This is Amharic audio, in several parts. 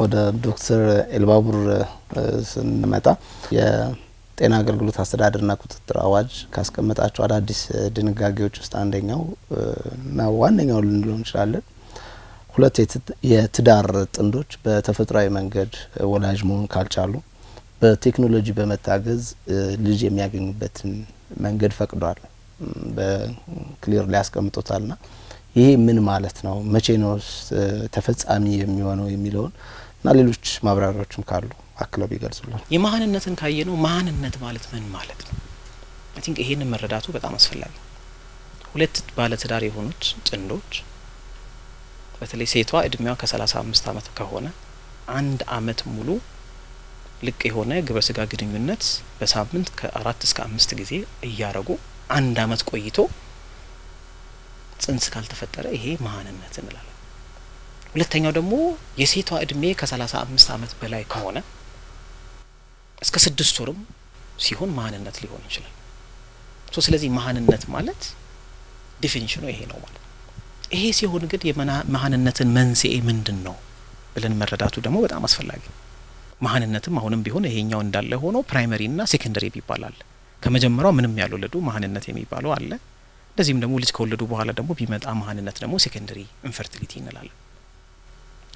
ወደ ዶክተር ኤልባቡር ስንመጣ የጤና አገልግሎት አስተዳደርና ቁጥጥር አዋጅ ካስቀመጣቸው አዳዲስ ድንጋጌዎች ውስጥ አንደኛው እና ዋነኛው ልንለው እንችላለን ሁለት የትዳር ጥንዶች በተፈጥሯዊ መንገድ ወላጅ መሆን ካልቻሉ በቴክኖሎጂ በመታገዝ ልጅ የሚያገኙበትን መንገድ ፈቅዷል። በክሊር ላይ ና ይሄ ምን ማለት ነው? መቼ ነው ተፈጻሚ የሚሆነው የሚለውን እና ሌሎች ማብራሪያዎችም ካሉ አክለው ቢገልጹልን። የመሀንነትን ካየ ነው መሀንነት ማለት ምን ማለት ነው? አይ ቲንክ ይሄንን መረዳቱ በጣም አስፈላጊ። ሁለት ባለትዳር የሆኑት ጥንዶች በተለይ ሴቷ እድሜዋ ከሰላሳ አምስት አመት ከሆነ አንድ አመት ሙሉ ልቅ የሆነ ግብረ ስጋ ግንኙነት በሳምንት ከአራት እስከ አምስት ጊዜ እያረጉ አንድ አመት ቆይቶ ጽንስ ካልተፈጠረ ይሄ መሀንነት እንላለን። ሁለተኛው ደግሞ የሴቷ እድሜ ከሰላሳ አምስት አመት በላይ ከሆነ እስከ ስድስት ወርም ሲሆን መሀንነት ሊሆን ይችላል። ሶ ስለዚህ መሀንነት ማለት ዲፊኒሽኑ ይሄ ነው ማለት ነው። ይሄ ሲሆን ግን የመሀንነትን መንስኤ ምንድን ነው ብለን መረዳቱ ደግሞ በጣም አስፈላጊ ነው። መሀንነትም አሁንም ቢሆን ይሄኛው እንዳለ ሆኖ ፕራይመሪ ና ሴኮንደሪ ይባላል። ከመጀመሪያው ምንም ያልወለዱ መሀንነት የሚባለው አለ። እንደዚህም ደግሞ ልጅ ከወለዱ በኋላ ደግሞ ቢመጣ መሀንነት ደግሞ ሴኮንደሪ ኢንፈርቲሊቲ እንላለን።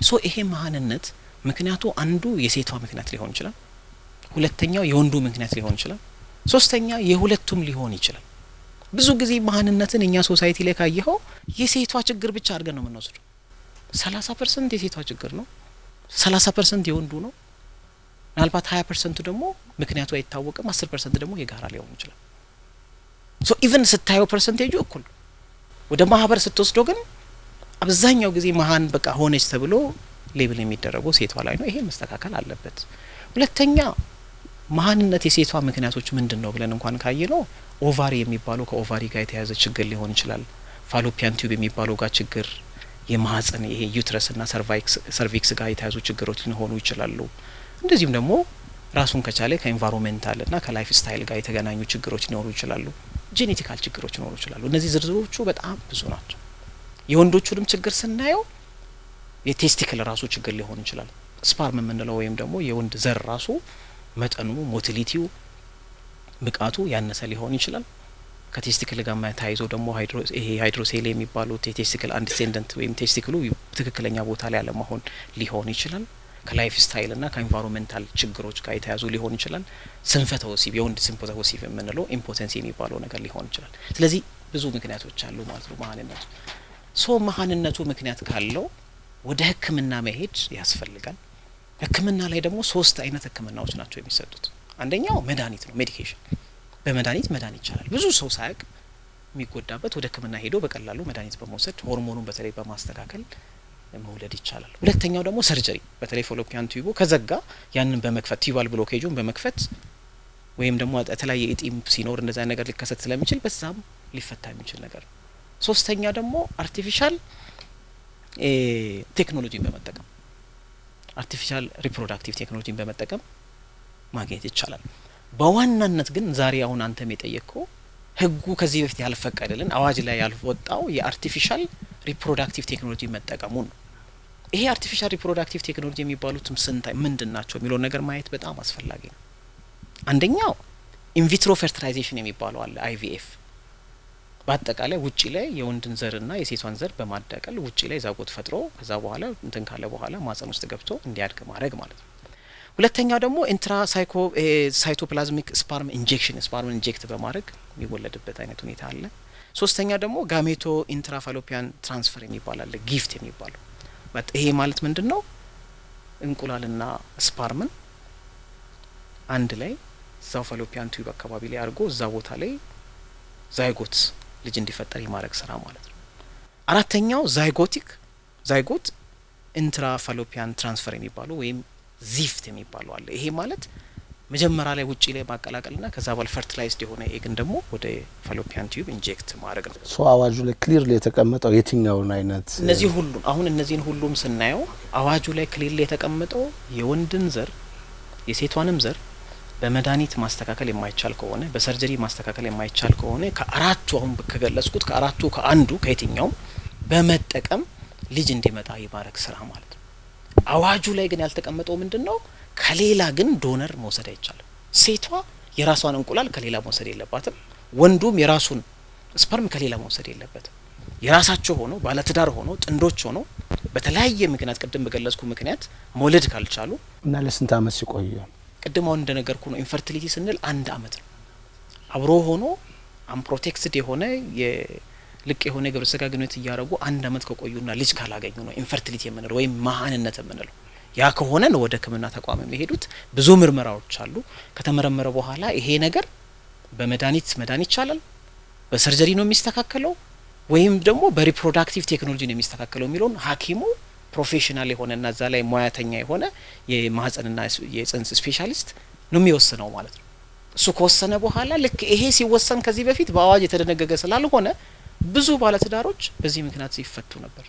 ሶ ይሄ መሀንነት ምክንያቱ አንዱ የሴቷ ምክንያት ሊሆን ይችላል። ሁለተኛው የወንዱ ምክንያት ሊሆን ይችላል። ሶስተኛ የሁለቱም ሊሆን ይችላል። ብዙ ጊዜ መሀንነትን እኛ ሶሳይቲ ላይ ካየኸው የሴቷ ችግር ብቻ አድርገን ነው የምንወስደው። ሰላሳ ፐርሰንት የሴቷ ችግር ነው፣ ሰላሳ ፐርሰንት የወንዱ ነው። ምናልባት ሀያ ፐርሰንቱ ደግሞ ምክንያቱ አይታወቅም፣ አስር ፐርሰንት ደግሞ የጋራ ሊሆን ይችላል። ሶ ኢቨን ስታየው ፐርሰንቴጁ እኩል ወደ ማህበር ስትወስደው ግን አብዛኛው ጊዜ መሀን በቃ ሆነች ተብሎ ሌብል የሚደረገው ሴቷ ላይ ነው። ይሄ መስተካከል አለበት። ሁለተኛ መሀንነት የሴቷ ምክንያቶች ምንድን ነው ብለን እንኳን ካየ ነው ኦቫሪ የሚባለው ከኦቫሪ ጋር የተያያዘ ችግር ሊሆን ይችላል። ፋሎፒያን ቲዩብ የሚባለው ጋር ችግር፣ የማህጸን ይሄ ዩትረስና ሰርቪክስ ጋር የተያዙ ችግሮች ሊሆኑ ይችላሉ። እንደዚሁም ደግሞ ራሱን ከቻለ ከኢንቫይሮንሜንታልና ከላይፍ ስታይል ጋር የተገናኙ ችግሮች ሊኖሩ ይችላሉ። ጄኔቲካል ችግሮች ሊኖሩ ይችላሉ። እነዚህ ዝርዝሮቹ በጣም ብዙ ናቸው። የወንዶቹንም ችግር ስናየው የቴስቲክል ራሱ ችግር ሊሆን ይችላል። ስፓርም የምንለው ወይም ደግሞ የወንድ ዘር ራሱ መጠኑ፣ ሞቲሊቲው፣ ብቃቱ ያነሰ ሊሆን ይችላል። ከቴስቲክል ጋር ተያይዞ ደግሞ ይሄ ሃይድሮሴል የሚባሉት የቴስቲክል አንዲሴንደንት ወይም ቴስቲክሉ ትክክለኛ ቦታ ላይ ያለመሆን ሊሆን ይችላል። ከላይፍ ስታይል እና ከኢንቫይሮንሜንታል ችግሮች ጋር የተያዙ ሊሆን ይችላል። ስንፈተ ወሲብ የወንድ ስንፈተ ወሲብ የምንለው ኢምፖተንሲ የሚባለው ነገር ሊሆን ይችላል። ስለዚህ ብዙ ምክንያቶች አሉ ማለት ነው። መሀንነቱ ሶ መሀንነቱ ምክንያት ካለው ወደ ህክምና መሄድ ያስፈልጋል። ህክምና ላይ ደግሞ ሶስት አይነት ህክምናዎች ናቸው የሚሰጡት። አንደኛው መድኃኒት ነው፣ ሜዲኬሽን። በመድኃኒት መዳን ይቻላል። ብዙ ሰው ሳያውቅ የሚጎዳበት ወደ ህክምና ሄዶ በቀላሉ መድኃኒት በመውሰድ ሆርሞኑን በተለይ በማስተካከል መውለድ ይቻላል። ሁለተኛው ደግሞ ሰርጀሪ፣ በተለይ ፎሎፒያን ቲዩቦ ከዘጋ ያንን በመክፈት ቲዩባል ብሎኬጁን በመክፈት ወይም ደግሞ የተለያየ እጢም ሲኖር እንደዛ ነገር ሊከሰት ስለሚችል በዛም ሊፈታ የሚችል ነገር ነው። ሶስተኛ ደግሞ አርቲፊሻል ቴክኖሎጂን በመጠቀም አርቲፊሻል ሪፕሮዳክቲቭ ቴክኖሎጂን በመጠቀም ማግኘት ይቻላል። በዋናነት ግን ዛሬ አሁን አንተም የጠየቅከው ህጉ ከዚህ በፊት ያልፈቀደልን አዋጅ ላይ ያልወጣው የአርቲፊሻል ሪፕሮዳክቲቭ ቴክኖሎጂ መጠቀሙን ነው። ይሄ አርቲፊሻል ሪፕሮዳክቲቭ ቴክኖሎጂ የሚባሉትም ስንታይ ምንድን ናቸው የሚለውን ነገር ማየት በጣም አስፈላጊ ነው። አንደኛው ኢንቪትሮ ፈርቲላይዜሽን የሚባለው አለ አይቪኤፍ። በአጠቃላይ ውጭ ላይ የወንድን ዘርና የሴቷን ዘር በማዳቀል ውጭ ላይ ዛጎት ፈጥሮ ከዛ በኋላ እንትን ካለ በኋላ ማጸን ውስጥ ገብቶ እንዲያድግ ማድረግ ማለት ነው። ሁለተኛው ደግሞ ኢንትራ ሳይቶፕላዝሚክ ስፓርም ኢንጀክሽን ስፓርም ኢንጀክት በማድረግ የሚወለድበት አይነት ሁኔታ አለ። ሶስተኛ ደግሞ ጋሜቶ ኢንትራፋሎፒያን ትራንስፈር የሚባል አለ ጊፍት የሚባለው ይሄ ማለት ምንድን ነው? እንቁላልና ስፓርምን አንድ ላይ እዛው ፋሎፒያን ቱዩብ አካባቢ ላይ አድርጎ እዛ ቦታ ላይ ዛይጎት ልጅ እንዲፈጠር የማድረግ ስራ ማለት ነው። አራተኛው ዛይጎቲክ ዛይጎት ኢንትራፋሎፒያን ትራንስፈር የሚባለው ወይም ዚፍት የሚባለው አለ። ይሄ ማለት መጀመሪያ ላይ ውጪ ላይ ና ከዛ በኋላ ፈርቲላይዝድ የሆነ ኤግን ደግሞ ወደ ፋሎፒያን ቲዩብ ኢንጀክት ማድረግ ነው። ሶ አዋጁ ላይ ክሊር ላይ የተቀመጠው የትኛውን አይነት እነዚህ ሁሉም አሁን እነዚህን ሁሉም ስናየው አዋጁ ላይ ክሊር ላይ የተቀመጠው የወንድን ዘር የሴቷንም ዘር በመድኃኒት ማስተካከል የማይቻል ከሆነ በሰርጀሪ ማስተካከል የማይቻል ከሆነ ከአራቱ አሁን ከገለጽኩት ከአራቱ ከአንዱ ከየትኛውም በመጠቀም ልጅ እንዲመጣ የማድረግ ስራ ማለት ነው። አዋጁ ላይ ግን ያልተቀመጠው ምንድን ነው? ከሌላ ግን ዶነር መውሰድ አይቻልም። ሴቷ የራሷን እንቁላል ከሌላ መውሰድ የለባትም። ወንዱም የራሱን ስፐርም ከሌላ መውሰድ የለበትም። የራሳቸው ሆኖ ባለትዳር ሆኖ ጥንዶች ሆኖ በተለያየ ምክንያት ቅድም በገለጽኩ ምክንያት መውለድ ካልቻሉ እና ለስንት አመት ሲቆዩ ቅድም አሁን እንደነገርኩ ነው። ኢንፈርቲሊቲ ስንል አንድ አመት ነው። አብሮ ሆኖ አንፕሮቴክትድ የሆነ ልቅ የሆነ የግብረ ስጋ ግንኙነት እያደረጉ አንድ አመት ከቆዩና ልጅ ካላገኙ ነው ኢንፈርቲሊቲ የምንለው ወይም መሀንነት የምንለው። ያ ከሆነ ነው ወደ ህክምና ተቋም የሚሄዱት። ብዙ ምርመራዎች አሉ። ከተመረመረ በኋላ ይሄ ነገር በመድኃኒት መዳን ይቻላል፣ በሰርጀሪ ነው የሚስተካከለው ወይም ደግሞ በሪፕሮዳክቲቭ ቴክኖሎጂ ነው የሚስተካከለው የሚለውን ሐኪሙ ፕሮፌሽናል የሆነና እዛ ላይ ሙያተኛ የሆነ የማህፀንና የጽንስ ስፔሻሊስት ነው የሚወስነው ማለት ነው። እሱ ከወሰነ በኋላ ልክ ይሄ ሲወሰን ከዚህ በፊት በአዋጅ የተደነገገ ስላልሆነ ብዙ ባለትዳሮች በዚህ ምክንያት ይፈቱ ነበር።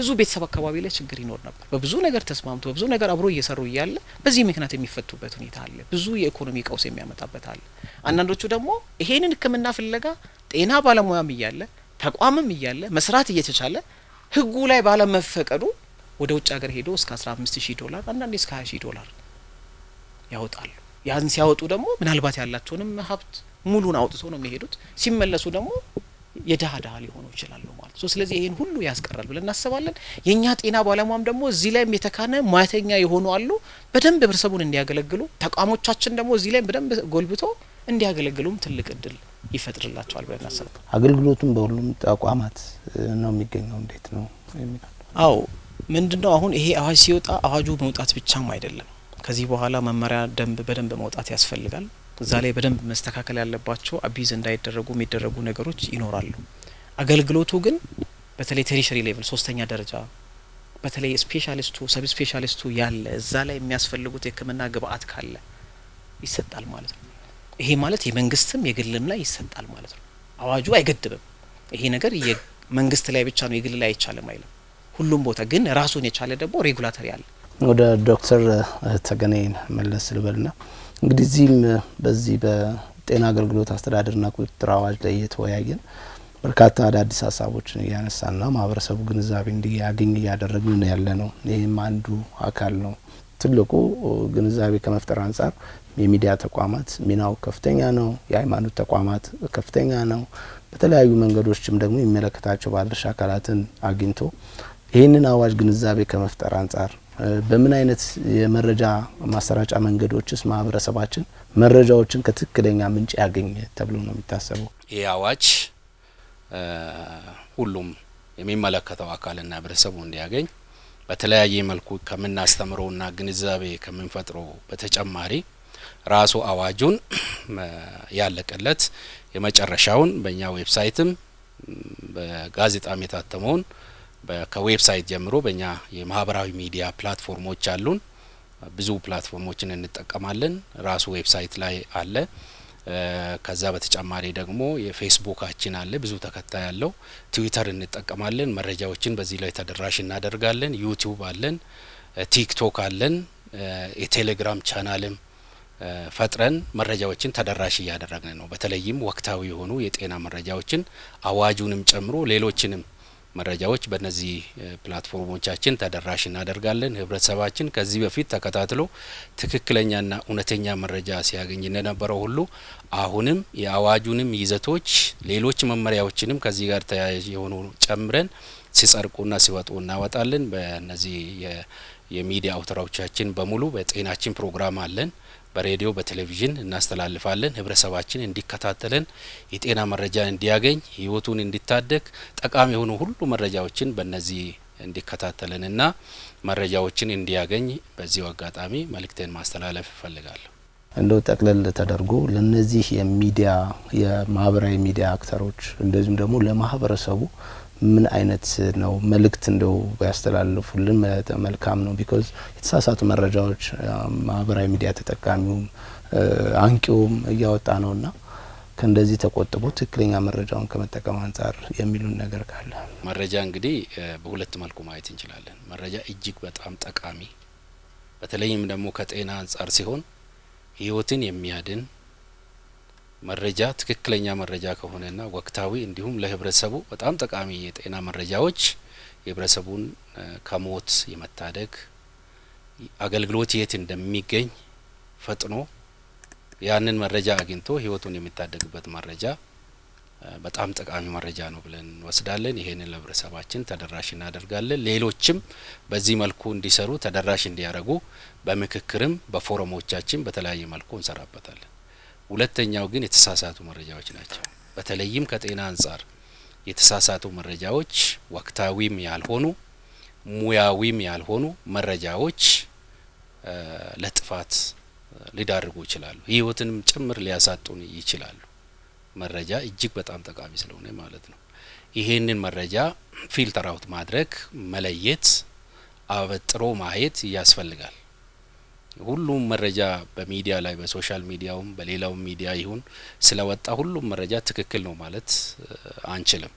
ብዙ ቤተሰብ አካባቢ ላይ ችግር ይኖር ነበር። በብዙ ነገር ተስማምቶ በብዙ ነገር አብሮ እየሰሩ እያለ በዚህ ምክንያት የሚፈቱበት ሁኔታ አለ። ብዙ የኢኮኖሚ ቀውስ የሚያመጣበት አለ። አንዳንዶቹ ደግሞ ይሄንን ሕክምና ፍለጋ ጤና ባለሙያም እያለ ተቋምም እያለ መስራት እየተቻለ ህጉ ላይ ባለመፈቀዱ ወደ ውጭ ሀገር ሄዶ እስከ 15 ሺህ ዶላር አንዳንዴ እስከ 20 ሺህ ዶላር ያወጣሉ። ያን ሲያወጡ ደግሞ ምናልባት ያላቸውንም ሀብት ሙሉን አውጥቶ ነው የሚሄዱት። ሲመለሱ ደግሞ የድሃ ድሃ ሊሆኑ ይችላሉ ማለት ነው። ስለዚህ ይህን ሁሉ ያስቀራል ብለን እናስባለን። የእኛ ጤና ባለሙያም ደግሞ እዚህ ላይም የተካነ ሙያተኛ የሆኑ አሉ፣ በደንብ ህብረተሰቡን እንዲያገለግሉ ተቋሞቻችን ደግሞ እዚህ ላይም በደንብ ጎልብቶ እንዲያገለግሉም ትልቅ እድል ይፈጥርላቸዋል ብለን እናስባለን። አገልግሎቱም በሁሉም ተቋማት ነው የሚገኘው እንዴት ነው? አዎ ምንድን ነው አሁን ይሄ አዋጅ ሲወጣ አዋጁ መውጣት ብቻም አይደለም። ከዚህ በኋላ መመሪያ ደንብ በደንብ መውጣት ያስፈልጋል። እዛ ላይ በደንብ መስተካከል ያለባቸው አቢዝ እንዳይደረጉ የሚደረጉ ነገሮች ይኖራሉ። አገልግሎቱ ግን በተለይ ቴሪሸሪ ሌቭል ሶስተኛ ደረጃ በተለይ ስፔሻሊስቱ ሰብ ስፔሻሊስቱ ያለ እዛ ላይ የሚያስፈልጉት የሕክምና ግብአት ካለ ይሰጣል ማለት ነው። ይሄ ማለት የመንግስትም የግልም ላይ ይሰጣል ማለት ነው። አዋጁ አይገድብም። ይሄ ነገር የመንግስት ላይ ብቻ ነው የግል ላይ አይቻልም አይልም። ሁሉም ቦታ ግን ራሱን የቻለ ደግሞ ሬጉላተሪ አለ። ወደ ዶክተር ተገኔ መለስ ልበልና እንግዲህ እዚህም በዚህ በጤና አገልግሎት አስተዳደርና ቁጥጥር አዋጅ ላይ እየተወያየን በርካታ አዳዲስ ሀሳቦችን እያነሳና ማህበረሰቡ ግንዛቤ እንዲያገኝ እያደረግን ነው ያለ ነው። ይህም አንዱ አካል ነው። ትልቁ ግንዛቤ ከመፍጠር አንጻር የሚዲያ ተቋማት ሚናው ከፍተኛ ነው። የሃይማኖት ተቋማት ከፍተኛ ነው። በተለያዩ መንገዶችም ደግሞ የሚመለከታቸው ባለድርሻ አካላትን አግኝቶ ይህንን አዋጅ ግንዛቤ ከመፍጠር አንጻር በምን አይነት የመረጃ ማሰራጫ መንገዶችስ ማህበረሰባችን መረጃዎችን ከትክክለኛ ምንጭ ያገኘ ተብሎ ነው የሚታሰበው? ይህ አዋጅ ሁሉም የሚመለከተው አካልና ህብረተሰቡ እንዲያገኝ በተለያየ መልኩ ከምናስተምረውና ግንዛቤ ከምንፈጥረው በተጨማሪ ራሱ አዋጁን ያለቀለት የመጨረሻውን በእኛ ዌብሳይትም በጋዜጣም የታተመውን ከዌብሳይት ጀምሮ በእኛ የማህበራዊ ሚዲያ ፕላትፎርሞች አሉን። ብዙ ፕላትፎርሞችን እንጠቀማለን። ራሱ ዌብሳይት ላይ አለ። ከዛ በተጨማሪ ደግሞ የፌስቡካችን አለ፣ ብዙ ተከታይ ያለው። ትዊተር እንጠቀማለን፣ መረጃዎችን በዚህ ላይ ተደራሽ እናደርጋለን። ዩቲዩብ አለን፣ ቲክቶክ አለን። የቴሌግራም ቻናልም ፈጥረን መረጃዎችን ተደራሽ እያደረግን ነው። በተለይም ወቅታዊ የሆኑ የጤና መረጃዎችን አዋጁንም ጨምሮ ሌሎችንም መረጃዎች በእነዚህ ፕላትፎርሞቻችን ተደራሽ እናደርጋለን። ህብረተሰባችን ከዚህ በፊት ተከታትሎ ትክክለኛና እውነተኛ መረጃ ሲያገኝ እንደነበረው ሁሉ አሁንም የአዋጁንም ይዘቶች ሌሎች መመሪያዎችንም ከዚህ ጋር ተያያዥ የሆኑ ጨምረን ሲጸድቁና ሲወጡ እናወጣለን። በነዚህ የሚዲያ አውታሮቻችን በሙሉ በጤናችን ፕሮግራም አለን። በሬዲዮ በቴሌቪዥን እናስተላልፋለን። ህብረተሰባችን እንዲከታተለን፣ የጤና መረጃ እንዲያገኝ፣ ህይወቱን እንዲታደግ ጠቃሚ የሆኑ ሁሉ መረጃዎችን በእነዚህ እንዲከታተለንና መረጃዎችን እንዲያገኝ በዚሁ አጋጣሚ መልእክቴን ማስተላለፍ ይፈልጋለሁ። እንደው ጠቅለል ተደርጎ ለነዚህ የሚዲያ የማህበራዊ ሚዲያ አክተሮች እንደዚሁም ደግሞ ለማህበረሰቡ ምን አይነት ነው መልእክት እንደው ያስተላልፉልን መልካም ነው። ቢኮዝ የተሳሳቱ መረጃዎች ማህበራዊ ሚዲያ ተጠቃሚውም አንቂውም እያወጣ ነው ና ከእንደዚህ ተቆጥቦ ትክክለኛ መረጃውን ከመጠቀም አንጻር የሚሉን ነገር ካለ መረጃ እንግዲህ በሁለት መልኩ ማየት እንችላለን። መረጃ እጅግ በጣም ጠቃሚ በተለይም ደግሞ ከጤና አንጻር ሲሆን ህይወትን የሚያድን መረጃ ትክክለኛ መረጃ ከሆነና ወቅታዊ እንዲሁም ለህብረተሰቡ በጣም ጠቃሚ የጤና መረጃዎች የህብረተሰቡን ከሞት የመታደግ አገልግሎት የት እንደሚገኝ ፈጥኖ ያንን መረጃ አግኝቶ ህይወቱን የሚታደግበት መረጃ በጣም ጠቃሚ መረጃ ነው ብለን እንወስዳለን። ይሄንን ለህብረተሰባችን ተደራሽ እናደርጋለን። ሌሎችም በዚህ መልኩ እንዲሰሩ ተደራሽ እንዲያደርጉ በምክክርም በፎረሞቻችን በተለያየ መልኩ እንሰራበታለን። ሁለተኛው ግን የተሳሳቱ መረጃዎች ናቸው። በተለይም ከጤና አንጻር የተሳሳቱ መረጃዎች፣ ወቅታዊም ያልሆኑ ሙያዊም ያልሆኑ መረጃዎች ለጥፋት ሊዳርጉ ይችላሉ። ህይወትንም ጭምር ሊያሳጡን ይችላሉ። መረጃ እጅግ በጣም ጠቃሚ ስለሆነ ማለት ነው። ይሄንን መረጃ ፊልተር አውት ማድረግ፣ መለየት፣ አበጥሮ ማየት ያስፈልጋል። ሁሉም መረጃ በሚዲያ ላይ በሶሻል ሚዲያውም በሌላውም ሚዲያ ይሁን ስለወጣ ሁሉም መረጃ ትክክል ነው ማለት አንችልም።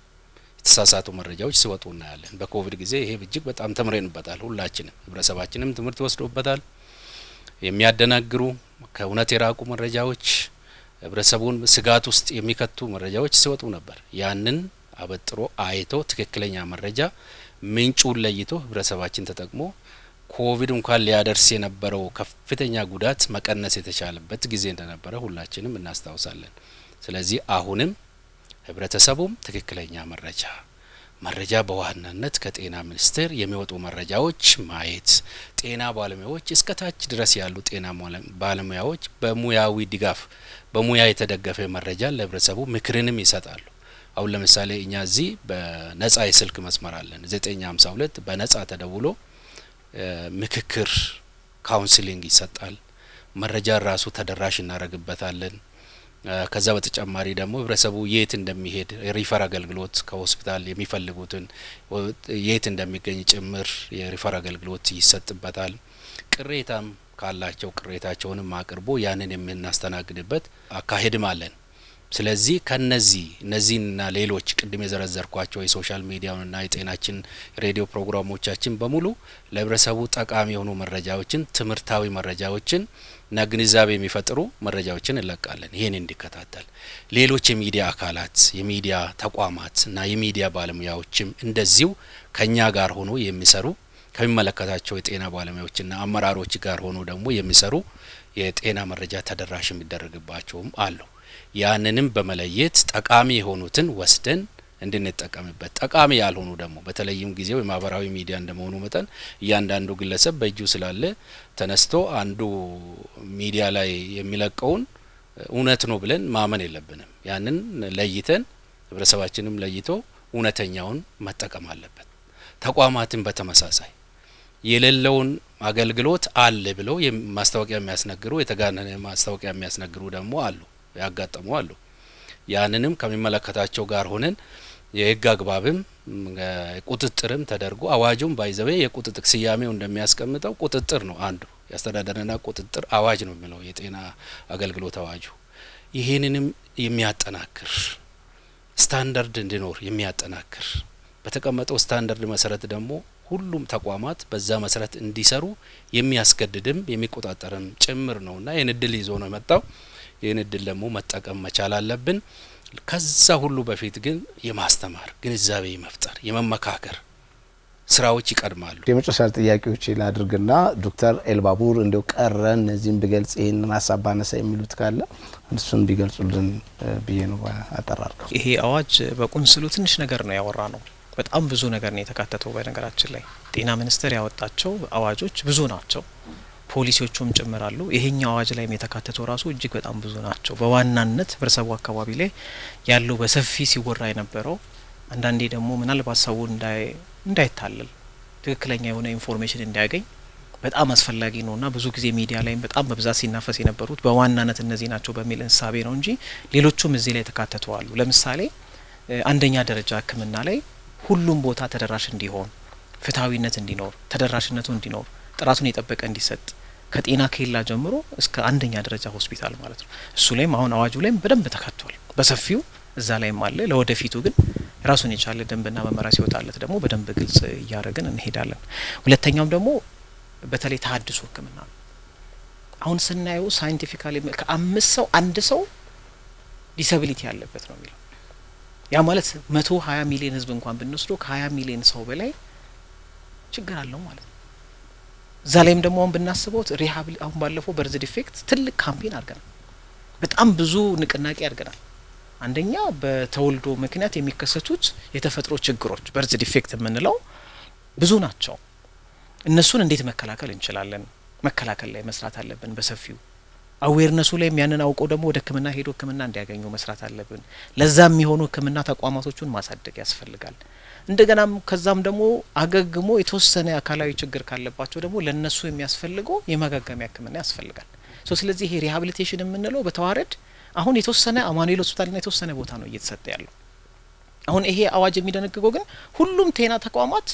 የተሳሳቱ መረጃዎች ሲወጡ እናያለን። በኮቪድ ጊዜ ይሄ እጅግ በጣም ተምሬንበታል። ሁላችንም ህብረተሰባችንም ትምህርት ወስዶበታል። የሚያደናግሩ ከእውነት የራቁ መረጃዎች፣ ህብረተሰቡን ስጋት ውስጥ የሚከቱ መረጃዎች ሲወጡ ነበር። ያንን አበጥሮ አይቶ ትክክለኛ መረጃ ምንጩን ለይቶ ህብረተሰባችን ተጠቅሞ ኮቪድ እንኳን ሊያደርስ የነበረው ከፍተኛ ጉዳት መቀነስ የተቻለበት ጊዜ እንደነበረ ሁላችንም እናስታውሳለን። ስለዚህ አሁንም ህብረተሰቡም ትክክለኛ መረጃ መረጃ በዋናነት ከጤና ሚኒስቴር የሚወጡ መረጃዎች ማየት፣ ጤና ባለሙያዎች እስከ ታች ድረስ ያሉ ጤና ባለሙያዎች በሙያዊ ድጋፍ በሙያ የተደገፈ መረጃ ለህብረተሰቡ ምክርንም ይሰጣሉ። አሁን ለምሳሌ እኛ እዚህ በነጻ የስልክ መስመር አለን። 952 በነጻ ተደውሎ ምክክር፣ ካውንስሊንግ ይሰጣል። መረጃ ራሱ ተደራሽ እናደርግበታለን። ከዛ በተጨማሪ ደግሞ ህብረተሰቡ የት እንደሚሄድ የሪፈር አገልግሎት ከሆስፒታል የሚፈልጉትን የት እንደሚገኝ ጭምር የሪፈር አገልግሎት ይሰጥበታል። ቅሬታም ካላቸው ቅሬታቸውንም አቅርቦ ያንን የምናስተናግድበት አካሄድም አለን። ስለዚህ ከነዚህ እነዚህና ሌሎች ቅድም የዘረዘርኳቸው የሶሻል ሚዲያውንና የጤናችን ሬዲዮ ፕሮግራሞቻችን በሙሉ ለህብረተሰቡ ጠቃሚ የሆኑ መረጃዎችን፣ ትምህርታዊ መረጃዎችን እና ግንዛቤ የሚፈጥሩ መረጃዎችን እንለቃለን። ይህን እንዲከታተል ሌሎች የሚዲያ አካላት፣ የሚዲያ ተቋማት እና የሚዲያ ባለሙያዎችም እንደዚሁ ከኛ ጋር ሆኖ የሚሰሩ ከሚመለከታቸው የጤና ባለሙያዎችና አመራሮች ጋር ሆኖ ደግሞ የሚሰሩ የጤና መረጃ ተደራሽ የሚደረግባቸውም አሉ። ያንንም በመለየት ጠቃሚ የሆኑትን ወስደን እንድንጠቀምበት ጠቃሚ ያልሆኑ ደግሞ በተለይም ጊዜው የማህበራዊ ሚዲያ እንደመሆኑ መጠን እያንዳንዱ ግለሰብ በእጁ ስላለ ተነስቶ አንዱ ሚዲያ ላይ የሚለቀውን እውነት ነው ብለን ማመን የለብንም። ያንን ለይተን ህብረተሰባችንም ለይቶ እውነተኛውን መጠቀም አለበት። ተቋማትን በተመሳሳይ የሌለውን አገልግሎት አለ ብለው ማስታወቂያ የሚያስነግሩ የተጋነነ ማስታወቂያ የሚያስነግሩ ደግሞ አሉ። ያጋጠሙ አሉ። ያንንም ከሚመለከታቸው ጋር ሆነን የህግ አግባብም ቁጥጥርም ተደርጎ አዋጁም ባይዘበ የቁጥጥር ስያሜው እንደሚያስቀምጠው ቁጥጥር ነው አንዱ የአስተዳደርና ቁጥጥር አዋጅ ነው የሚለው የጤና አገልግሎት አዋጁ። ይህንንም የሚያጠናክር ስታንዳርድ እንዲኖር የሚያጠናክር በተቀመጠው ስታንዳርድ መሰረት ደግሞ ሁሉም ተቋማት በዛ መሰረት እንዲሰሩ የሚያስገድድም የሚቆጣጠርም ጭምር ነው ይህን እድል ይዞ ነው የመጣው። ይህን እድል ደግሞ መጠቀም መቻል አለብን። ከዛ ሁሉ በፊት ግን የማስተማር ግንዛቤ መፍጠር፣ የመመካከር ስራዎች ይቀድማሉ። የመጨረሻ ጥያቄዎች ላድርግና ዶክተር ኤልባቡር እንዲው ቀረ እነዚህም ብገልጽ ይህንን ሀሳብ ባነሳ የሚሉት ካለ እሱም ቢገልጹልን ብዬ ነው። አጠራርከው ይሄ አዋጅ በቁንስሉ ትንሽ ነገር ነው ያወራ ነው። በጣም ብዙ ነገር ነው የተካተተው። በነገራችን ላይ ጤና ሚኒስቴር ያወጣቸው አዋጆች ብዙ ናቸው። ፖሊሲዎቹም ጭምር አሉ። ይሄኛው አዋጅ ላይም የተካተተው ራሱ እጅግ በጣም ብዙ ናቸው። በዋናነት ህብረተሰቡ አካባቢ ላይ ያለው በሰፊ ሲወራ የነበረው አንዳንዴ ደግሞ ምናልባት ሰው እንዳይታለል ትክክለኛ የሆነ ኢንፎርሜሽን እንዲያገኝ በጣም አስፈላጊ ነውና ብዙ ጊዜ ሚዲያ ላይም በጣም በብዛት ሲናፈስ የነበሩት በዋናነት እነዚህ ናቸው በሚል እንሳቤ ነው እንጂ ሌሎቹም እዚህ ላይ ተካተተዋሉ። ለምሳሌ አንደኛ ደረጃ ሕክምና ላይ ሁሉም ቦታ ተደራሽ እንዲሆን፣ ፍትሐዊነት እንዲኖር፣ ተደራሽነቱ እንዲኖር፣ ጥራቱን የጠበቀ እንዲሰጥ ከጤና ኬላ ጀምሮ እስከ አንደኛ ደረጃ ሆስፒታል ማለት ነው። እሱ ላይም አሁን አዋጁ ላይም በደንብ ተካቷል በሰፊው እዛ ላይም አለ። ለወደፊቱ ግን ራሱን የቻለ ደንብና መመሪያ ሲወጣለት ደግሞ በደንብ ግልጽ እያደረግን እንሄዳለን። ሁለተኛውም ደግሞ በተለይ ተሀድሶ ህክምና ነው። አሁን ስናየው ሳይንቲፊካሊ ከአምስት ሰው አንድ ሰው ዲሰብሊቲ ያለበት ነው የሚለው ያ ማለት መቶ ሀያ ሚሊዮን ህዝብ እንኳን ብንወስዶ ከሀያ ሚሊዮን ሰው በላይ ችግር አለው ማለት ነው። እዛ ላይም ደግሞ አሁን ብናስበው ሪሃብ አሁን ባለፈው በርዝ ዲፌክት ትልቅ ካምፔን አድርገናል። በጣም ብዙ ንቅናቄ አድርገናል። አንደኛ በተወልዶ ምክንያት የሚከሰቱት የተፈጥሮ ችግሮች በርዝ ዲፌክት የምንለው ብዙ ናቸው። እነሱን እንዴት መከላከል እንችላለን? መከላከል ላይ መስራት አለብን በሰፊው አዌርነሱ ላይም ያንን አውቀው ደግሞ ወደ ሕክምና ሄዶ ሕክምና እንዲያገኙ መስራት አለብን። ለዛ የሚሆኑ ሕክምና ተቋማቶቹን ማሳደግ ያስፈልጋል። እንደገናም ከዛም ደግሞ አገግሞ የተወሰነ አካላዊ ችግር ካለባቸው ደግሞ ለነሱ የሚያስፈልገው የመጋገሚያ ሕክምና ያስፈልጋል። ሶ ስለዚህ ይሄ ሪሃብሊቴሽን የምንለው በተዋረድ አሁን የተወሰነ አማኑኤል ሆስፒታልና የተወሰነ ቦታ ነው እየተሰጠ ያለው። አሁን ይሄ አዋጅ የሚደነግገው ግን ሁሉም ጤና ተቋማት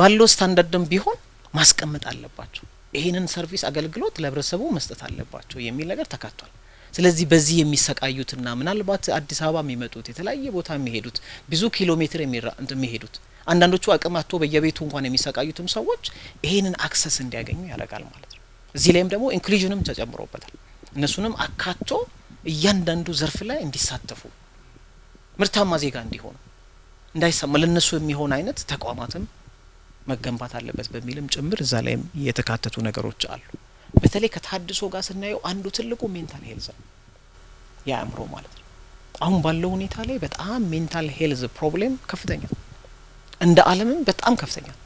ባለው ስታንዳርድም ቢሆን ማስቀመጥ አለባቸው፣ ይህንን ሰርቪስ አገልግሎት ለህብረተሰቡ መስጠት አለባቸው የሚል ነገር ተካቷል። ስለዚህ በዚህ የሚሰቃዩትና ምናልባት አዲስ አበባ የሚመጡት የተለያየ ቦታ የሚሄዱት ብዙ ኪሎ ሜትር የሚሄዱት አንዳንዶቹ አቅም አቶ በየቤቱ እንኳን የሚሰቃዩትም ሰዎች ይሄንን አክሰስ እንዲያገኙ ያደርጋል ማለት ነው። እዚህ ላይም ደግሞ ኢንክሉዥንም ተጨምሮበታል። እነሱንም አካቶ እያንዳንዱ ዘርፍ ላይ እንዲሳተፉ ምርታማ ዜጋ እንዲሆኑ እንዳይሰማ ለእነሱ የሚሆን አይነት ተቋማትም መገንባት አለበት በሚልም ጭምር እዛ ላይም የተካተቱ ነገሮች አሉ። በተለይ ከታድሶ ጋር ስናየው አንዱ ትልቁ ሜንታል ሄልዝ ነው፣ የአእምሮ ማለት ነው። አሁን ባለው ሁኔታ ላይ በጣም ሜንታል ሄልዝ ፕሮብሌም ከፍተኛ ነው፣ እንደ ዓለምም በጣም ከፍተኛ ነው።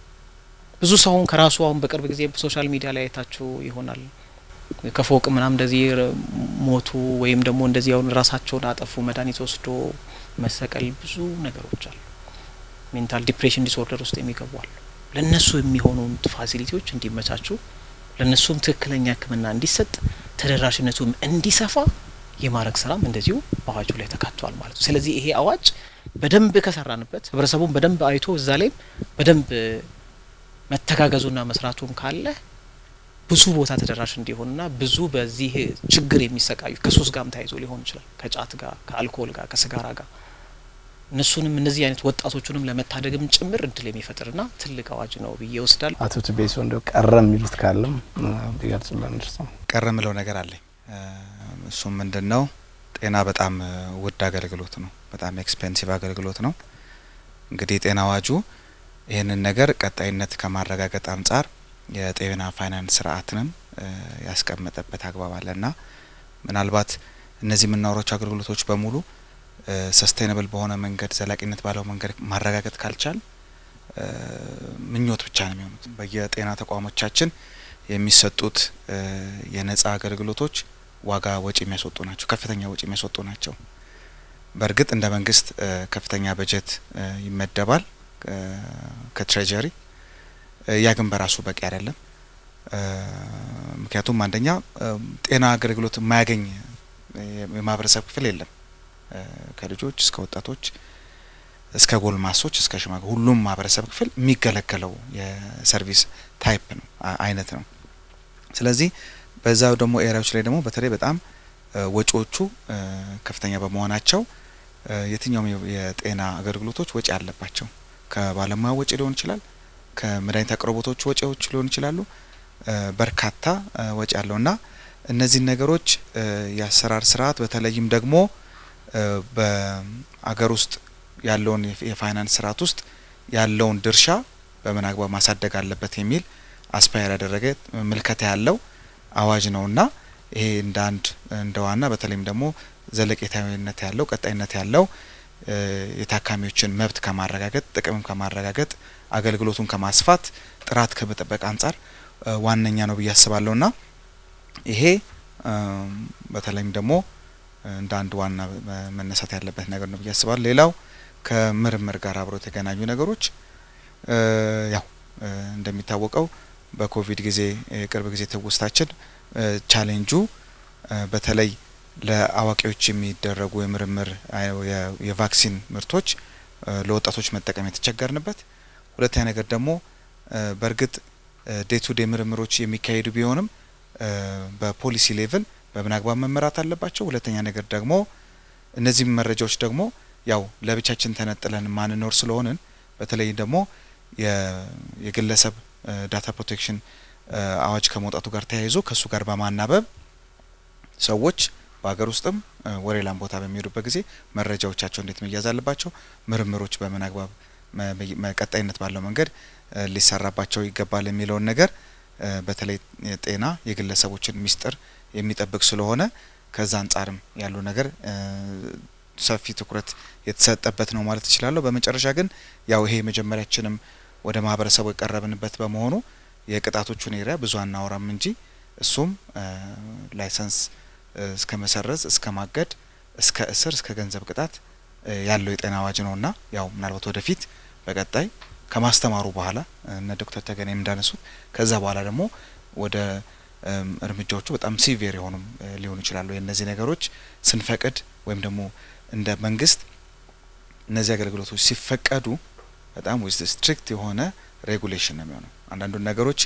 ብዙ ሰውን ከራሱ አሁን በቅርብ ጊዜ ሶሻል ሚዲያ ላይ አይታችሁ ይሆናል ከፎቅ ምናም እንደዚህ ሞቱ ወይም ደግሞ እንደዚህ አሁን ራሳቸውን አጠፉ፣ መድኃኒት ወስዶ መሰቀል፣ ብዙ ነገሮች አሉ። ሜንታል ዲፕሬሽን ዲስኦርደር ውስጥ የሚገቡ አሉ። ለእነሱ የሚሆኑ ፋሲሊቲዎች እንዲመቻቹ ለእነሱም ትክክለኛ ሕክምና እንዲሰጥ ተደራሽነቱም እንዲሰፋ የማድረግ ስራም እንደዚሁ በአዋጁ ላይ ተካቷል ማለት ነው። ስለዚህ ይሄ አዋጅ በደንብ ከሰራንበት ህብረተሰቡን በደንብ አይቶ እዛ ላይም በደንብ መተጋገዙና መስራቱም ካለ ብዙ ቦታ ተደራሽ እንዲሆንና ብዙ በዚህ ችግር የሚሰቃዩ ከሶስት ጋርም ተያይዞ ሊሆን ይችላል፣ ከጫት ጋር፣ ከአልኮል ጋር፣ ከስጋራ ጋር እነሱንም እነዚህ አይነት ወጣቶቹንም ለመታደግም ጭምር እድል የሚፈጥርና ትልቅ አዋጅ ነው ብዬ ወስዳል። አቶ ትቤሶ እንደው ቀረ የሚሉት ካለም ቢገልጹልን። ቀረ ምለው ነገር አለኝ። እሱም ምንድን ነው፣ ጤና በጣም ውድ አገልግሎት ነው። በጣም ኤክስፔንሲቭ አገልግሎት ነው። እንግዲህ ጤና አዋጁ ይህንን ነገር ቀጣይነት ከማረጋገጥ አንጻር የጤና ፋይናንስ ስርዓትንም ያስቀመጠበት አግባብ አለና ምናልባት እነዚህ የምናወራቸው አገልግሎቶች በሙሉ ሰስቴነብል በሆነ መንገድ ዘላቂነት ባለው መንገድ ማረጋገጥ ካልቻል ምኞት ብቻ ነው የሚሆኑት። በየጤና ተቋሞቻችን የሚሰጡት የነጻ አገልግሎቶች ዋጋ ወጪ የሚያስወጡ ናቸው፣ ከፍተኛ ወጪ የሚያስወጡ ናቸው። በእርግጥ እንደ መንግስት ከፍተኛ በጀት ይመደባል ከትሬጀሪ። ያ ግን በራሱ በቂ አይደለም። ምክንያቱም አንደኛ ጤና አገልግሎት የማያገኝ የማህበረሰብ ክፍል የለም። ከልጆች እስከ ወጣቶች እስከ ጎልማሶች እስከ ሽማግ ሁሉም ማህበረሰብ ክፍል የሚገለገለው የሰርቪስ ታይፕ ነው አይነት ነው። ስለዚህ በዛ ደግሞ ኤሪያዎች ላይ ደግሞ በተለይ በጣም ወጪዎቹ ከፍተኛ በመሆናቸው የትኛውም የጤና አገልግሎቶች ወጪ አለባቸው። ከባለሙያ ወጪ ሊሆን ይችላል፣ ከመድኃኒት አቅርቦቶች ወጪዎች ሊሆን ይችላሉ። በርካታ ወጪ አለውና እነዚህን ነገሮች የአሰራር ስርዓት በተለይም ደግሞ በአገር ውስጥ ያለውን የፋይናንስ ስርዓት ውስጥ ያለውን ድርሻ በምን አግባብ ማሳደግ አለበት የሚል አስፓየር ያደረገ ምልከታ ያለው አዋጅ ነውና ይሄ እንደ አንድ እንደ ዋና በተለይም ደግሞ ዘለቄታዊነት ያለው ቀጣይነት ያለው የታካሚዎችን መብት ከማረጋገጥ ጥቅምም ከማረጋገጥ አገልግሎቱን ከማስፋት ጥራት ከመጠበቅ አንጻር ዋነኛ ነው ብዬ አስባለሁና ይሄ በተለይም ደግሞ እንደ አንድ ዋና መነሳት ያለበት ነገር ነው ብዬ አስባለሁ። ሌላው ከምርምር ጋር አብሮ የተገናኙ ነገሮች ያው እንደሚታወቀው በኮቪድ ጊዜ የቅርብ ጊዜ ትውስታችን ቻሌንጁ በተለይ ለአዋቂዎች የሚደረጉ የምርምር የቫክሲን ምርቶች ለወጣቶች መጠቀም የተቸገርንበት፣ ሁለተኛ ነገር ደግሞ በእርግጥ ዴቱዴ ምርምሮች የሚካሄዱ ቢሆንም በፖሊሲ ሌቭል በምን አግባብ መመራት አለባቸው። ሁለተኛ ነገር ደግሞ እነዚህ መረጃዎች ደግሞ ያው ለብቻችን ተነጥለን ማንኖር ስለሆንን በተለይ ደግሞ የግለሰብ ዳታ ፕሮቴክሽን አዋጅ ከመውጣቱ ጋር ተያይዞ ከእሱ ጋር በማናበብ ሰዎች በሀገር ውስጥም ወሌላም ቦታ በሚሄዱበት ጊዜ መረጃዎቻቸው እንዴት መያዝ አለባቸው፣ ምርምሮች በምን አግባብ ቀጣይነት ባለው መንገድ ሊሰራባቸው ይገባል የሚለውን ነገር በተለይ ጤና የግለሰቦችን ሚስጥር የሚጠብቅ ስለሆነ ከዛ አንጻርም ያሉ ነገር ሰፊ ትኩረት የተሰጠበት ነው ማለት እችላለሁ። በመጨረሻ ግን ያው ይሄ መጀመሪያችንም ወደ ማህበረሰቡ የቀረብንበት በመሆኑ የቅጣቶቹን ኤሪያ ብዙ አናወራም እንጂ እሱም ላይሰንስ እስከ መሰረዝ እስከ ማገድ እስከ እስር እስከ ገንዘብ ቅጣት ያለው የጤና አዋጅ ነውና ያው ምናልባት ወደፊት በቀጣይ ከማስተማሩ በኋላ እነ ዶክተር ተገኔም እንዳነሱት ከዛ በኋላ ደግሞ ወደ እርምጃዎቹ በጣም ሲቪር የሆኑም ሊሆኑ ይችላሉ። የእነዚህ ነገሮች ስንፈቅድ ወይም ደግሞ እንደ መንግስት እነዚህ አገልግሎቶች ሲፈቀዱ በጣም ዊዝ ስትሪክት የሆነ ሬጉሌሽን ነው የሚሆነው። አንዳንዱ ነገሮች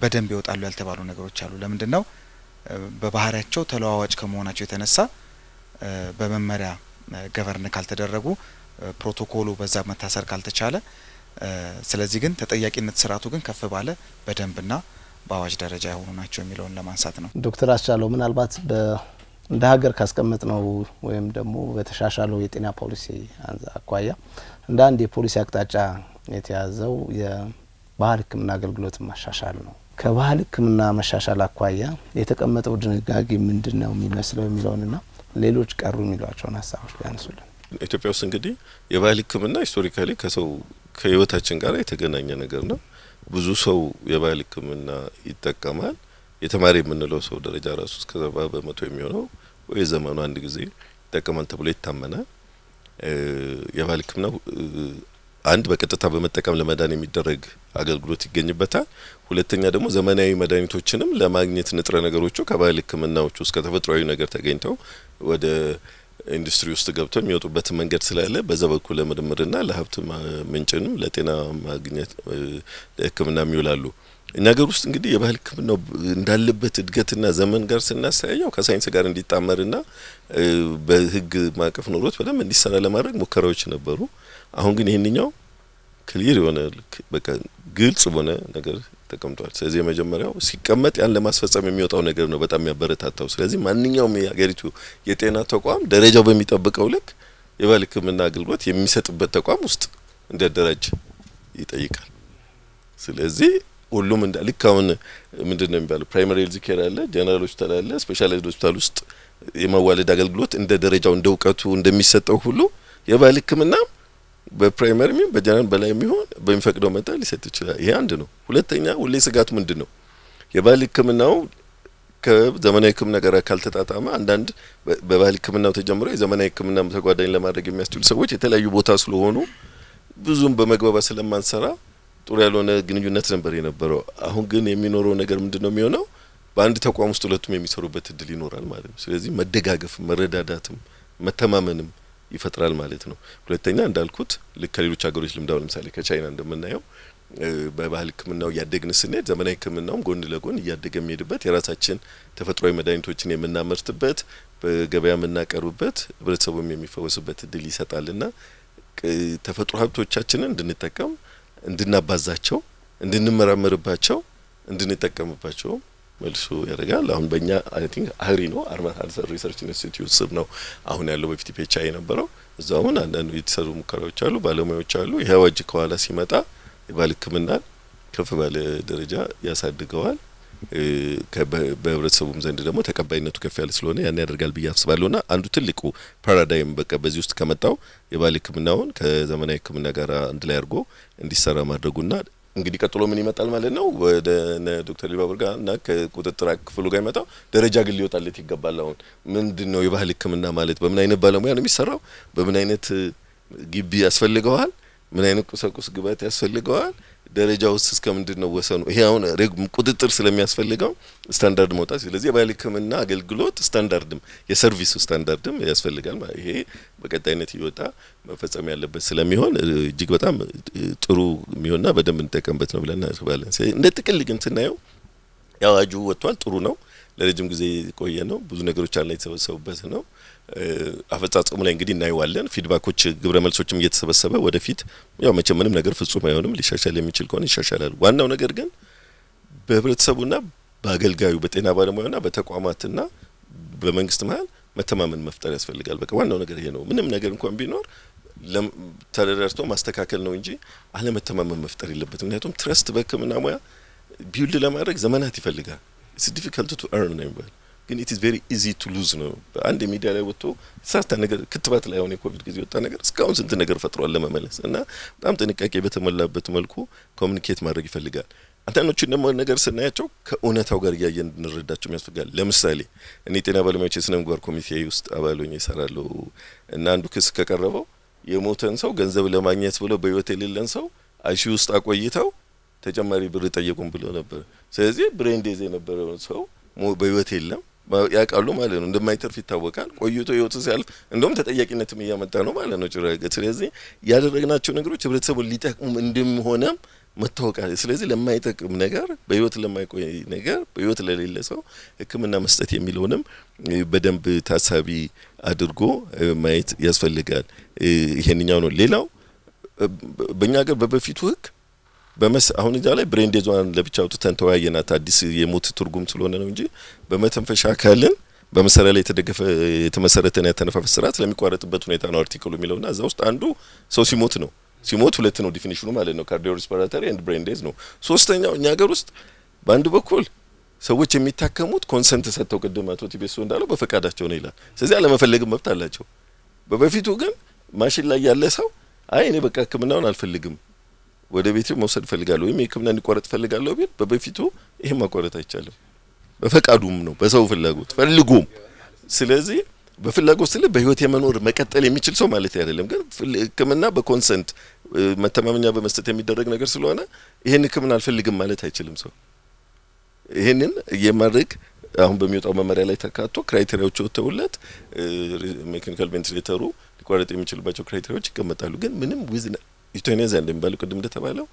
በደንብ ይወጣሉ ያልተባሉ ነገሮች አሉ። ለምንድን ነው በባህሪያቸው ተለዋዋጭ ከመሆናቸው የተነሳ በመመሪያ ገቨርን ካልተደረጉ ፕሮቶኮሉ በዛ መታሰር ካልተቻለ፣ ስለዚህ ግን ተጠያቂነት ስርዓቱ ግን ከፍ ባለ በደንብና በአዋጅ ደረጃ የሆኑ ናቸው የሚለውን ለማንሳት ነው። ዶክተር አስቻለው ምናልባት እንደ ሀገር ካስቀመጥ ነው ወይም ደግሞ በተሻሻለው የጤና ፖሊሲ አኳያ እንደ አንድ የፖሊሲ አቅጣጫ የተያዘው የባህል ሕክምና አገልግሎት ማሻሻል ነው። ከባህል ሕክምና መሻሻል አኳያ የተቀመጠው ድንጋጌ ምንድን ነው የሚመስለው የሚለውንና ሌሎች ቀሩ የሚሏቸውን ሀሳቦች ቢያነሱልን። ኢትዮጵያ ውስጥ እንግዲህ የባህል ሕክምና ሂስቶሪካሊ ከሰው ከህይወታችን ጋር የተገናኘ ነገር ነው። ብዙ ሰው የባህል ህክምና ይጠቀማል። የተማሪ የምንለው ሰው ደረጃ ራሱ እስከ ሰባ በመቶ የሚሆነው ወይ ዘመኑ አንድ ጊዜ ይጠቀማል ተብሎ ይታመናል። የባህል ህክምና አንድ በቀጥታ በመጠቀም ለመዳን የሚደረግ አገልግሎት ይገኝበታል። ሁለተኛ ደግሞ ዘመናዊ መድኃኒቶችንም ለማግኘት ንጥረ ነገሮቹ ከባህል ሕክምናዎቹ እስከ ተፈጥሯዊ ነገር ተገኝተው ወደ ኢንዱስትሪ ውስጥ ገብተው የሚወጡበትን መንገድ ስላለ በዛ በኩል ለምርምርና ለሀብት ምንጭንም ለጤና ማግኘት ለሕክምና የሚውላሉ። እኛ ሀገር ውስጥ እንግዲህ የባህል ሕክምናው እንዳለበት እድገትና ዘመን ጋር ስናስተያየው ከሳይንስ ጋር እንዲጣመርና በህግ ማዕቀፍ ኖሮት በደንብ እንዲሰራ ለማድረግ ሙከራዎች ነበሩ። አሁን ግን ይህንኛው ክሊር የሆነ በቃ ግልጽ በሆነ ነገር ተቀምጧል። ስለዚህ የመጀመሪያው ሲቀመጥ ያን ለማስፈጸም የሚወጣው ነገር ነው በጣም የሚያበረታታው። ስለዚህ ማንኛውም የሀገሪቱ የጤና ተቋም ደረጃው በሚጠብቀው ልክ የባህል ሕክምና አገልግሎት የሚሰጥበት ተቋም ውስጥ እንዲያደራጅ ይጠይቃል። ስለዚህ ሁሉም እንደ ልክ አሁን ምንድን ነው የሚባለው ፕራይመሪ ሄልዝ ኬር አለ፣ ጀነራል ሆስፒታል አለ፣ ስፔሻላይዝድ ሆስፒታል ውስጥ የመዋለድ አገልግሎት እንደ ደረጃው እንደ እውቀቱ እንደሚሰጠው ሁሉ የባህል ህክምና በፕራይመሪ ሚሆን በጀነራል በላይ የሚሆን በሚፈቅደው መጠን ሊሰጥ ይችላል። ይሄ አንድ ነው። ሁለተኛ ሁሌ ስጋት ምንድን ነው? የባህል ሕክምናው ከዘመናዊ ሕክምና ጋር ካልተጣጣመ አንዳንድ በባህል ሕክምናው ተጀምሮ የዘመናዊ ሕክምና ተጓዳኝ ለማድረግ የሚያስችሉ ሰዎች የተለያዩ ቦታ ስለሆኑ ብዙም በመግባባት ስለማንሰራ ጥሩ ያልሆነ ግንኙነት ነበር የነበረው። አሁን ግን የሚኖረው ነገር ምንድን ነው የሚሆነው? በአንድ ተቋም ውስጥ ሁለቱም የሚሰሩበት እድል ይኖራል ማለት ነው። ስለዚህ መደጋገፍም መረዳዳትም መተማመንም ይፈጥራል ማለት ነው። ሁለተኛ እንዳልኩት ልክ ከሌሎች ሀገሮች ልምዳው ለምሳሌ ከቻይና እንደምናየው በባህል ሕክምናው እያደግን ስንሄድ ዘመናዊ ሕክምናውም ጎን ለጎን እያደገ የሚሄድበት የራሳችን ተፈጥሯዊ መድኃኒቶችን የምናመርትበት በገበያ የምናቀርብበት ህብረተሰቡም የሚፈወስበት እድል ይሰጣልና ተፈጥሮ ሀብቶቻችንን እንድንጠቀም፣ እንድናባዛቸው፣ እንድንመራመርባቸው፣ እንድንጠቀምባቸውም መልሱ ያደርጋል። አሁን በእኛ አይ ቲንክ አህሪ ነው አርማን ሀንሰን ሪሰርች ኢንስቲትዩት ስር ነው አሁን ያለው በፊት ፔቻ የነበረው እዛ አሁን አንዳንድ የተሰሩ ሙከራዎች አሉ፣ ባለሙያዎች አሉ። ይህ አዋጅ ከኋላ ሲመጣ የባህል ሕክምናን ከፍ ባለ ደረጃ ያሳድገዋል። በህብረተሰቡም ዘንድ ደግሞ ተቀባይነቱ ከፍ ያለ ስለሆነ ያን ያደርጋል ብዬ አስባለሁ። ና አንዱ ትልቁ ፓራዳይም በቃ በዚህ ውስጥ ከመጣው የባህል ሕክምናውን ከዘመናዊ ሕክምና ጋር አንድ ላይ አድርጎ እንዲሰራ ማድረጉና እንግዲህ ቀጥሎ ምን ይመጣል ማለት ነው። ወደ ዶክተር ሊባ ጋር እና ከቁጥጥር ክፍሉ ጋር ይመጣው ደረጃ ግን ሊወጣለት ይገባል። አሁን ምንድን ነው የባህል ሕክምና ማለት በምን አይነት ባለሙያ ነው የሚሰራው? በምን አይነት ግቢ ያስፈልገዋል? ምን አይነት ቁሳቁስ ግብዓት ያስፈልገዋል? ደረጃ ውስጥ እስከ ምንድን ነው ወሰኑ? ይሄ አሁን ቁጥጥር ስለሚያስፈልገው ስታንዳርድ መውጣት። ስለዚህ የባህል ሕክምና አገልግሎት ስታንዳርድም የሰርቪሱ ስታንዳርድም ያስፈልጋል። ይሄ በቀጣይነት እየወጣ መፈጸም ያለበት ስለሚሆን እጅግ በጣም ጥሩ የሚሆንና በደንብ እንጠቀምበት ነው ብለን እናስባለን። እንደ ጥቅል ግን ስናየው የአዋጁ ወጥቷል፣ ጥሩ ነው። ለረጅም ጊዜ የቆየ ነው። ብዙ ነገሮች አለ የተሰበሰቡበት ነው። አፈጻጸሙ ላይ እንግዲህ እናየዋለን። ፊድባኮች፣ ግብረ መልሶችም እየተሰበሰበ ወደፊት ያው መቼ ምንም ነገር ፍጹም አይሆንም። ሊሻሻል የሚችል ከሆነ ይሻሻላል። ዋናው ነገር ግን በህብረተሰቡና በአገልጋዩ በጤና ባለሙያና በተቋማትና በመንግስት መሀል መተማመን መፍጠር ያስፈልጋል። በቃ ዋናው ነገር ይሄ ነው። ምንም ነገር እንኳን ቢኖር ተደራጅቶ ማስተካከል ነው እንጂ አለመተማመን መፍጠር የለበት ምክንያቱም ትረስት በህክምና ሙያ ቢውልድ ለማድረግ ዘመናት ይፈልጋል። ኢትስ ዲፊካልት ቱ ርን ነው የሚባል ግን ኢት ኢዝ ቬሪ ኢዚ ቱ ሉዝ ነው። አንድ ሚዲያ ላይ ወጥቶ ሳታ ነገር ክትባት ላይ አሁን የኮቪድ ጊዜ ወጣ ነገር እስካሁን ስንት ነገር ፈጥሯል ለመመለስ እና በጣም ጥንቃቄ በተሞላበት መልኩ ኮሚኒኬት ማድረግ ይፈልጋል። አንዳንዶቹን ደግሞ ነገር ስናያቸው ከእውነታው ጋር እያየን እንድንረዳቸው ያስፈልጋል። ለምሳሌ እኔ ጤና ባለሙያዎች የስነ ምግባር ኮሚቴ ውስጥ አባል ሆኜ እና አንዱ ክስ ከቀረበው የሞተን ሰው ገንዘብ ለማግኘት ብለው በህይወት የሌለን ሰው አይሺ ውስጥ አቆይተው ተጨማሪ ብር ጠየቁን ብሎ ነበር። ስለዚህ ብሬን ዴዝ የነበረውን ሰው በህይወት የለም ያውቃሉ ማለት ነው። እንደማይተርፍ ይታወቃል። ቆይቶ ህይወቱ ሲያልፍ እንደውም ተጠያቂነትም እያመጣ ነው ማለት ነው ጭራገ ስለዚህ ያደረግናቸው ነገሮች ህብረተሰቡን ሊጠቅሙም እንደሆነም መታወቃል። ስለዚህ ለማይጠቅም ነገር በህይወት ለማይቆይ ነገር በህይወት ለሌለ ሰው ህክምና መስጠት የሚለውንም በደንብ ታሳቢ አድርጎ ማየት ያስፈልጋል። ይሄንኛው ነው። ሌላው በእኛ ሀገር በበፊቱ ህግ በመስ አሁን እዛ ላይ ብሬን ዴዟን ለብቻ አውጥተን ተወያየናት። አዲስ የሞት ትርጉም ስለሆነ ነው እንጂ በመተንፈሻ አካልን በመሳሪያ ላይ የተደገፈ የተመሰረተን ያተነፋፈስ ስርዓት ለሚቋረጥበት ሁኔታ ነው አርቲክሉ የሚለውና እዛ ውስጥ አንዱ ሰው ሲሞት ነው። ሲሞት ሁለት ነው ዲፊኒሽኑ ማለት ነው፣ ካርዲዮ ሪስፓራተሪ ኤንድ ብሬን ነው። ሶስተኛው እኛ ሀገር ውስጥ በአንድ በኩል ሰዎች የሚታከሙት ኮንሰንት ሰጥተው ቅድም አቶ ቲቤሶ እንዳለው በፈቃዳቸው ነው ይላል። ስለዚህ አለመፈለግም መብት አላቸው። በበፊቱ ግን ማሽን ላይ ያለ ሰው አይ እኔ በቃ ሕክምናውን አልፈልግም ወደ ቤት መውሰድ ፈልጋለሁ ወይም የህክምና እንዲቋረጥ ፈልጋለሁ ቢል በበፊቱ ይሄ ማቋረጥ አይቻልም። በፈቃዱም ነው በሰው ፍላጎት ፈልጎም። ስለዚህ በፍላጎት ስለ በህይወት የመኖር መቀጠል የሚችል ሰው ማለት አይደለም። ግን ህክምና በኮንሰንት መተማመኛ በመስጠት የሚደረግ ነገር ስለሆነ ይህን ህክምና አልፈልግም ማለት አይችልም ሰው ይህንን የማድረግ አሁን በሚወጣው መመሪያ ላይ ተካቶ ክራይቴሪያዎች ወጥተውለት ሜካኒካል ቬንትሌተሩ ሊቋረጥ የሚችልባቸው ክራይቴሪያዎች ይቀመጣሉ። ግን ምንም ዊዝ ዩቴኒዝ ያለ የሚባለው ቅድም እንደተባለው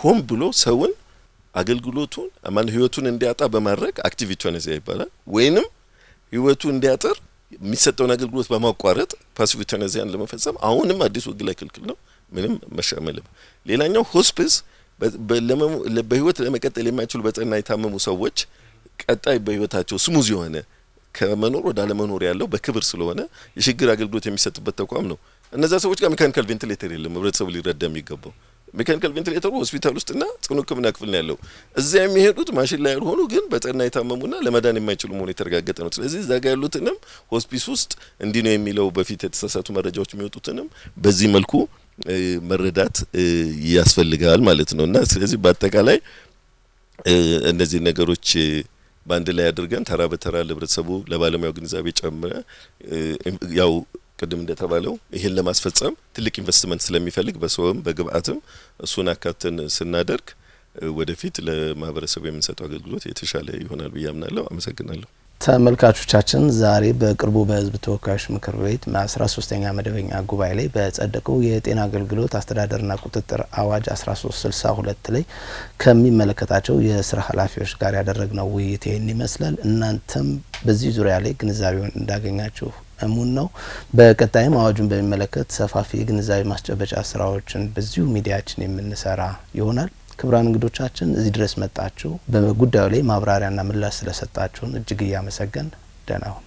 ሆን ብሎ ሰውን አገልግሎቱን ማን ህይወቱን እንዲያጣ በማድረግ አክቲቭ ዩቴኒዚያ ይባላል። ወይንም ህይወቱ እንዲያጥር የሚሰጠውን አገልግሎት በማቋረጥ ፓሲቭ ዩቴኒዚያን ለመፈጸም አሁንም አዲስ ወግ ላይ ክልክል ነው። ምንም መሻመልም። ሌላኛው ሆስፒስ በህይወት ለመቀጠል የማይችሉ በጠና የታመሙ ሰዎች ቀጣይ በህይወታቸው ስሙዝ የሆነ ከመኖር ወደ አለመኖር ያለው በክብር ስለሆነ የሽግግር አገልግሎት የሚሰጥበት ተቋም ነው። እነዛ ሰዎች ጋር ሜካኒካል ቬንቲሌተር የለም። ህብረተሰቡ ሊረዳ የሚገባው ሜካኒካል ቬንቲሌተሩ ሆስፒታል ውስጥና ጽኑ ሕክምና ክፍል ነው ያለው። እዚያ የሚሄዱት ማሽን ላይ ያልሆኑ ግን በጠና የታመሙና ለመዳን የማይችሉ መሆኑ የተረጋገጠ ነው። ስለዚህ እዛ ጋ ያሉትንም ሆስፒስ ውስጥ እንዲህ ነው የሚለው በፊት የተሳሳቱ መረጃዎች የሚወጡትንም በዚህ መልኩ መረዳት ያስፈልጋል ማለት ነው እና ስለዚህ በአጠቃላይ እነዚህ ነገሮች በአንድ ላይ አድርገን ተራ በተራ ለህብረተሰቡ ለባለሙያው ግንዛቤ ጨምረ ያው ቅድም እንደተባለው ይህን ለማስፈጸም ትልቅ ኢንቨስትመንት ስለሚፈልግ በሰውም በግብአትም እሱን አካተን ስናደርግ ወደፊት ለማህበረሰቡ የምንሰጠው አገልግሎት የተሻለ ይሆናል ብዬ አምናለሁ። አመሰግናለሁ። ተመልካቾቻችን ዛሬ በቅርቡ በህዝብ ተወካዮች ምክር ቤት በ13ኛ መደበኛ ጉባኤ ላይ በጸደቀው የጤና አገልግሎት አስተዳደርና ቁጥጥር አዋጅ 1362 ላይ ከሚመለከታቸው የስራ ኃላፊዎች ጋር ያደረግነው ውይይት ይህን ይመስላል። እናንተም በዚህ ዙሪያ ላይ ግንዛቤውን እንዳገኛችሁ እሙን ነው። በቀጣይም አዋጁን በሚመለከት ሰፋፊ የግንዛቤ ማስጨበጫ ስራዎችን በዚሁ ሚዲያችን የምንሰራ ይሆናል። ክቡራን እንግዶቻችን እዚህ ድረስ መጣችሁ፣ በጉዳዩ ላይ ማብራሪያና ምላሽ ስለሰጣችሁን እጅግ እያመሰገን ደህና ሁኑ።